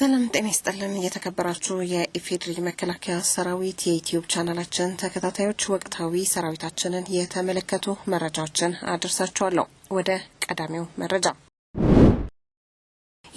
ሰላም ጤና ይስጥልን። እየተከበራችሁ የኢፌድሪ መከላከያ ሰራዊት የዩትዩብ ቻናላችን ተከታታዮች ወቅታዊ ሰራዊታችንን የተመለከቱ መረጃዎችን አድርሳችኋለሁ። ወደ ቀዳሚው መረጃ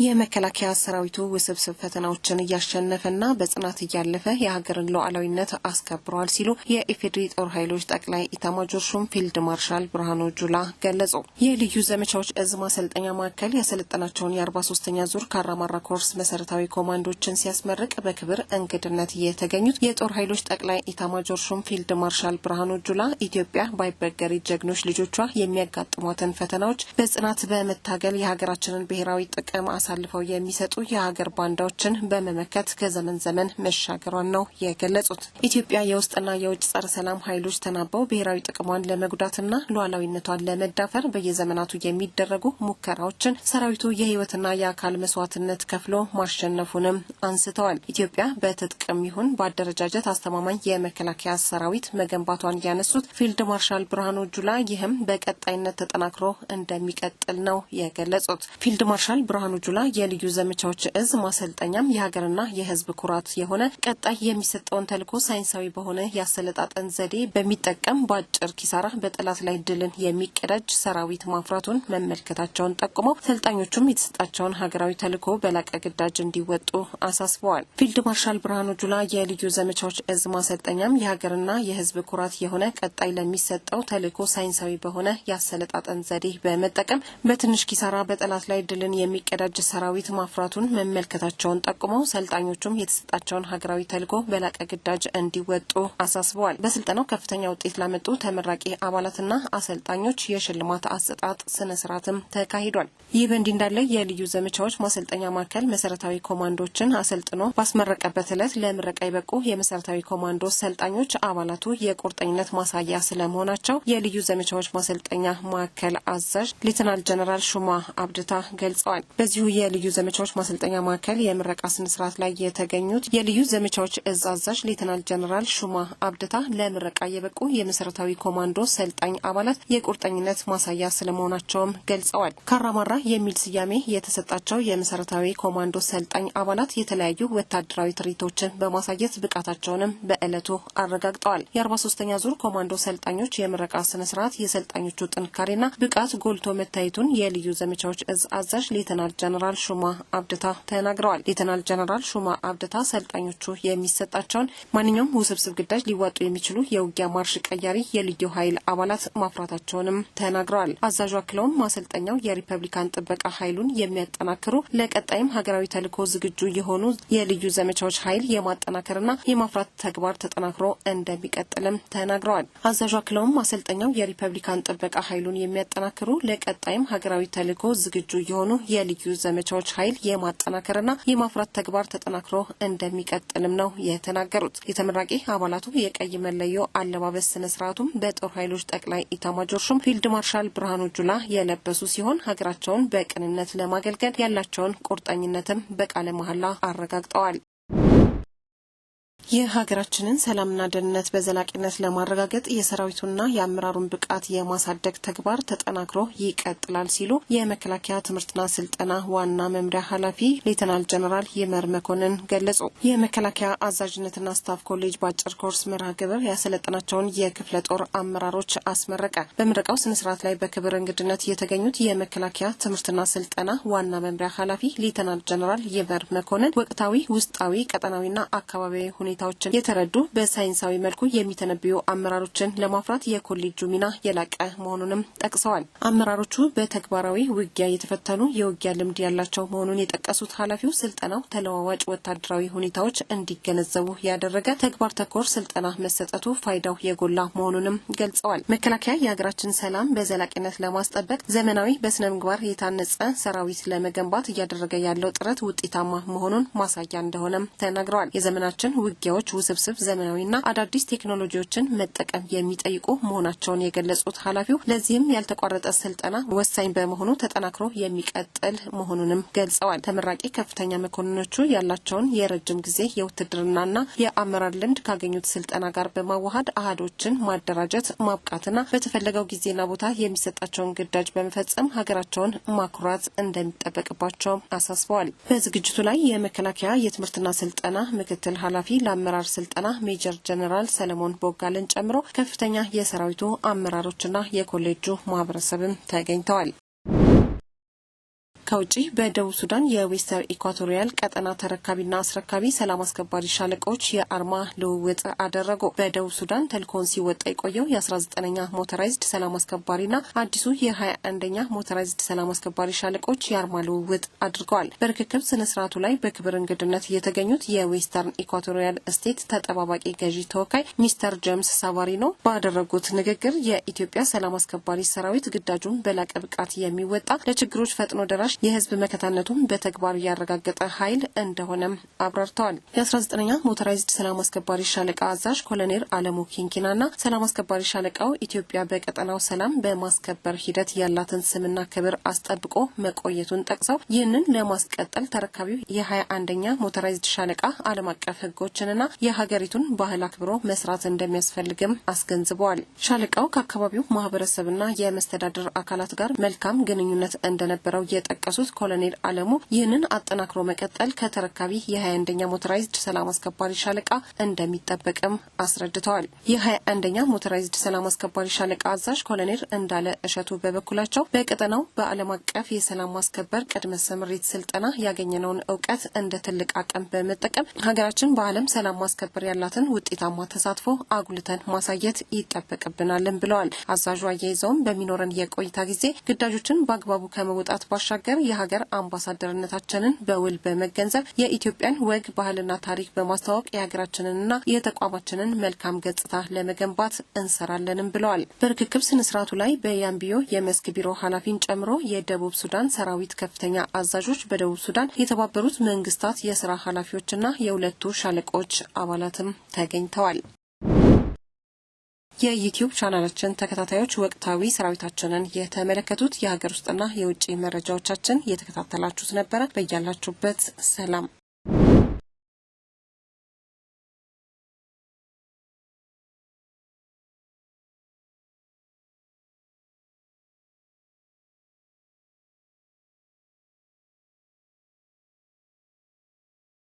የመከላከያ ሰራዊቱ ውስብስብ ፈተናዎችን እያሸነፈና በጽናት እያለፈ የሀገርን ሉዓላዊነት አስከብረዋል ሲሉ የኢፌዴሪ ጦር ኃይሎች ጠቅላይ ኢታማጆር ሹም ፊልድ ማርሻል ብርሃኑ ጁላ ገለጹ። የልዩ ዘመቻዎች እዝ ማሰልጠኛ ማዕከል ያሰለጠናቸውን የአርባ ሶስተኛ ዙር ካራማራ ኮርስ መሰረታዊ ኮማንዶችን ሲያስመርቅ በክብር እንግድነት የተገኙት የጦር ኃይሎች ጠቅላይ ኢታማጆር ሹም ፊልድ ማርሻል ብርሃኑ ጁላ ኢትዮጵያ ባይበገሪ ጀግኖች ልጆቿ የሚያጋጥሟትን ፈተናዎች በጽናት በመታገል የሀገራችንን ብሔራዊ ጥቅም አሳልፈው የሚሰጡ የሀገር ባንዳዎችን በመመከት ከዘመን ዘመን መሻገሯን ነው የገለጹት። ኢትዮጵያ የውስጥና የውጭ ጸረ ሰላም ኃይሎች ተናበው ብሔራዊ ጥቅሟን ለመጉዳትና ሉዓላዊነቷን ለመዳፈር በየዘመናቱ የሚደረጉ ሙከራዎችን ሰራዊቱ የህይወትና የአካል መስዋዕትነት ከፍሎ ማሸነፉንም አንስተዋል። ኢትዮጵያ በትጥቅም ይሁን በአደረጃጀት አስተማማኝ የመከላከያ ሰራዊት መገንባቷን ያነሱት ፊልድ ማርሻል ብርሃኑ ጁላ ይህም በቀጣይነት ተጠናክሮ እንደሚቀጥል ነው የገለጹት። ፊልድ ማርሻል ብርሃኑ ጁላ ጁላ የልዩ ዘመቻዎች እዝ ማሰልጠኛም የሀገርና የህዝብ ኩራት የሆነ ቀጣይ የሚሰጠውን ተልዕኮ ሳይንሳዊ በሆነ የአሰለጣጠን ዘዴ በሚጠቀም በአጭር ኪሳራ በጠላት ላይ ድልን የሚቀዳጅ ሰራዊት ማፍራቱን መመልከታቸውን ጠቁመው ሰልጣኞቹም የተሰጣቸውን ሀገራዊ ተልዕኮ በላቀ ግዳጅ እንዲወጡ አሳስበዋል። ፊልድ ማርሻል ብርሃኑ ጁላ የልዩ ዘመቻዎች እዝ ማሰልጠኛም የሀገርና የህዝብ ኩራት የሆነ ቀጣይ ለሚሰጠው ተልዕኮ ሳይንሳዊ በሆነ የአሰለጣጠን ዘዴ በመጠቀም በትንሽ ኪሳራ በጠላት ላይ ድልን የሚቀዳጅ ሰራዊት ማፍራቱን መመልከታቸውን ጠቁመው ሰልጣኞቹም የተሰጣቸውን ሀገራዊ ተልዕኮ በላቀ ግዳጅ እንዲወጡ አሳስበዋል። በስልጠናው ከፍተኛ ውጤት ላመጡ ተመራቂ አባላትና አሰልጣኞች የሽልማት አሰጣጥ ስነ ስርዓትም ተካሂዷል። ይህ በእንዲህ እንዳለ የልዩ ዘመቻዎች ማሰልጠኛ ማዕከል መሰረታዊ ኮማንዶችን አሰልጥኖ ባስመረቀበት ዕለት ለምረቃ የበቁ የመሰረታዊ ኮማንዶ ሰልጣኞች አባላቱ የቁርጠኝነት ማሳያ ስለመሆናቸው የልዩ ዘመቻዎች ማሰልጠኛ ማዕከል አዛዥ ሌተናል ጀነራል ሹማ አብድታ ገልጸዋል። በዚሁ የልዩ ዘመቻዎች ማሰልጠኛ ማዕከል የምረቃ ስነስርዓት ላይ የተገኙት የልዩ ዘመቻዎች እዝ አዛዥ ሌተናል ጀነራል ሹማ አብድታ ለምረቃ የበቁ የመሰረታዊ ኮማንዶ ሰልጣኝ አባላት የቁርጠኝነት ማሳያ ስለመሆናቸውም ገልጸዋል። ካራማራ የሚል ስያሜ የተሰጣቸው የመሰረታዊ ኮማንዶ ሰልጣኝ አባላት የተለያዩ ወታደራዊ ትርኢቶችን በማሳየት ብቃታቸውንም በዕለቱ አረጋግጠዋል የአርባ ሶስተኛ ዙር ኮማንዶ ሰልጣኞች የምረቃ ስነስርዓት የሰልጣኞቹ ጥንካሬና ብቃት ጎልቶ መታየቱን የልዩ ዘመቻዎች እዝ አዛዥ ሌተናል ጀነራል ጀነራል ሹማ አብደታ ተናግረዋል። ሌተናል ጀነራል ሹማ አብደታ ሰልጣኞቹ የሚሰጣቸውን ማንኛውም ውስብስብ ግዳጅ ሊዋጡ የሚችሉ የውጊያ ማርሽ ቀያሪ የልዩ ኃይል አባላት ማፍራታቸውንም ተናግረዋል። አዛዡ አክለውም ማሰልጠኛው የሪፐብሊካን ጥበቃ ኃይሉን የሚያጠናክሩ ለቀጣይም ሀገራዊ ተልዕኮ ዝግጁ የሆኑ የልዩ ዘመቻዎች ኃይል የማጠናከርና የማፍራት ተግባር ተጠናክሮ እንደሚቀጥልም ተናግረዋል። አዛዡ አክለውም ማሰልጠኛው የሪፐብሊካን ጥበቃ ኃይሉን የሚያጠናክሩ ለቀጣይም ሀገራዊ ተልዕኮ ዝግጁ የሆኑ የልዩ ዘመቻዎች ኃይል የማጠናከርና የማፍራት ተግባር ተጠናክሮ እንደሚቀጥልም ነው የተናገሩት። የተመራቂ አባላቱ የቀይ መለዮ አለባበስ ስነ ስርዓቱም በጦር ኃይሎች ጠቅላይ ኢታማጆር ሹም ፊልድ ማርሻል ብርሃኑ ጁላ የለበሱ ሲሆን ሀገራቸውን በቅንነት ለማገልገል ያላቸውን ቁርጠኝነትም በቃለ መሀላ አረጋግጠዋል። የሀገራችንን ሰላምና ደህንነት በዘላቂነት ለማረጋገጥ የሰራዊቱና የአመራሩን ብቃት የማሳደግ ተግባር ተጠናክሮ ይቀጥላል ሲሉ የመከላከያ ትምህርትና ስልጠና ዋና መምሪያ ኃላፊ ሌተናል ጀነራል ይመር መኮንን ገለጹ። የመከላከያ አዛዥነትና ስታፍ ኮሌጅ በአጭር ኮርስ መርሃ ግብር ያሰለጠናቸውን የክፍለ ጦር አመራሮች አስመረቀ። በምረቃው ስነስርዓት ላይ በክብር እንግድነት የተገኙት የመከላከያ ትምህርትና ስልጠና ዋና መምሪያ ኃላፊ ሌተናል ጀነራል ይመር መኮንን ወቅታዊ፣ ውስጣዊ፣ ቀጠናዊና አካባቢያዊ ሁኔ ጠቀሜታዎችን የተረዱ በሳይንሳዊ መልኩ የሚተነብዩ አመራሮችን ለማፍራት የኮሌጁ ሚና የላቀ መሆኑንም ጠቅሰዋል። አመራሮቹ በተግባራዊ ውጊያ የተፈተኑ የውጊያ ልምድ ያላቸው መሆኑን የጠቀሱት ኃላፊው ስልጠናው ተለዋዋጭ ወታደራዊ ሁኔታዎች እንዲገነዘቡ ያደረገ ተግባር ተኮር ስልጠና መሰጠቱ ፋይዳው የጎላ መሆኑንም ገልጸዋል። መከላከያ የሀገራችን ሰላም በዘላቂነት ለማስጠበቅ ዘመናዊ በስነ ምግባር የታነጸ ሰራዊት ለመገንባት እያደረገ ያለው ጥረት ውጤታማ መሆኑን ማሳያ እንደሆነም ተናግረዋል። የዘመናችን ውጊያ ውጊያዎች ውስብስብ ዘመናዊና አዳዲስ ቴክኖሎጂዎችን መጠቀም የሚጠይቁ መሆናቸውን የገለጹት ኃላፊው ለዚህም ያልተቋረጠ ስልጠና ወሳኝ በመሆኑ ተጠናክሮ የሚቀጥል መሆኑንም ገልጸዋል። ተመራቂ ከፍተኛ መኮንኖቹ ያላቸውን የረጅም ጊዜ የውትድርናና የአመራር ልምድ ካገኙት ስልጠና ጋር በማዋሃድ አህዶችን ማደራጀት ማብቃትና በተፈለገው ጊዜና ቦታ የሚሰጣቸውን ግዳጅ በመፈጸም ሀገራቸውን ማኩራት እንደሚጠበቅባቸውም አሳስበዋል። በዝግጅቱ ላይ የመከላከያ የትምህርትና ስልጠና ምክትል ኃላፊ ላ አመራር ስልጠና ሜጀር ጀነራል ሰለሞን ቦጋልን ጨምሮ ከፍተኛ የሰራዊቱ አመራሮችና የኮሌጁ ማህበረሰብም ተገኝተዋል። ከውጭ በደቡብ ሱዳን የዌስተር ኢኳቶሪያል ቀጠና ተረካቢና አስረካቢ ሰላም አስከባሪ ሻለቃዎች የአርማ ልውውጥ አደረጉ። በደቡብ ሱዳን ተልኮን ሲወጣ የቆየው የ19ኛ ሞተራይዝድ ሰላም አስከባሪና አዲሱ የ21ኛ ሞተራይዝድ ሰላም አስከባሪ ሻለቆች የአርማ ልውውጥ አድርገዋል። በርክክብ ስነ ስርዓቱ ላይ በክብር እንግድነት የተገኙት የዌስተርን ኢኳቶሪያል ስቴት ተጠባባቂ ገዢ ተወካይ ሚስተር ጀምስ ሳቫሪኖ ባደረጉት ንግግር የኢትዮጵያ ሰላም አስከባሪ ሰራዊት ግዳጁን በላቀ ብቃት የሚወጣ ለችግሮች ፈጥኖ ደራሽ ተጠቃሽ የህዝብ መከታነቱን በተግባር ያረጋገጠ ኃይል እንደሆነም አብራርተዋል። የ19ኛ ሞተራይዝድ ሰላም አስከባሪ ሻለቃ አዛዥ ኮሎኔል አለሙ ና። ሰላም አስከባሪ ሻለቃው ኢትዮጵያ በቀጠናው ሰላም በማስከበር ሂደት ያላትን ስምና ክብር አስጠብቆ መቆየቱን ጠቅሰው ይህንን ለማስቀጠል ተረካቢው የ21ኛ ሞተራይዝድ ሻለቃ ዓለም አቀፍ ና የሀገሪቱን ባህል አክብሮ መስራት እንደሚያስፈልግም አስገንዝበዋል። ሻለቃው ከአካባቢው ማህበረሰብና የመስተዳደር አካላት ጋር መልካም ግንኙነት እንደነበረው የጠቀ የጠቀሱት ኮሎኔል አለሙ ይህንን አጠናክሮ መቀጠል ከተረካቢ የሀያ አንደኛ ሞተራይዝድ ሰላም አስከባሪ ሻለቃ እንደሚጠበቅም አስረድተዋል የሀያ አንደኛ ሞተራይዝድ ሰላም አስከባሪ ሻለቃ አዛዥ ኮሎኔል እንዳለ እሸቱ በበኩላቸው በቀጠናው በዓለም አቀፍ የሰላም ማስከበር ቅድመ ስምሪት ስልጠና ያገኘነውን እውቀት እንደ ትልቅ አቅም በመጠቀም ሀገራችን በዓለም ሰላም ማስከበር ያላትን ውጤታማ ተሳትፎ አጉልተን ማሳየት ይጠበቅብናልን ብለዋል። አዛዡ አያይዘውም በሚኖረን የቆይታ ጊዜ ግዳጆችን በአግባቡ ከመውጣት ባሻገር በመጠቀም የሀገር አምባሳደርነታችንን በውል በመገንዘብ የኢትዮጵያን ወግ ባህልና ታሪክ በማስተዋወቅ የሀገራችንንና የተቋማችንን መልካም ገጽታ ለመገንባት እንሰራለንም ብለዋል። በርክክብ ስነስርዓቱ ላይ በያምቢዮ የመስክ ቢሮ ኃላፊን ጨምሮ የደቡብ ሱዳን ሰራዊት ከፍተኛ አዛዦች፣ በደቡብ ሱዳን የተባበሩት መንግስታት የስራ ኃላፊዎችና የሁለቱ ሻለቆች አባላትም ተገኝተዋል። የዩቲዩብ ቻናላችን ተከታታዮች ወቅታዊ ሰራዊታችንን የተመለከቱት የሀገር ውስጥና የውጭ መረጃዎቻችን እየተከታተላችሁት ነበረ። በያላችሁበት ሰላም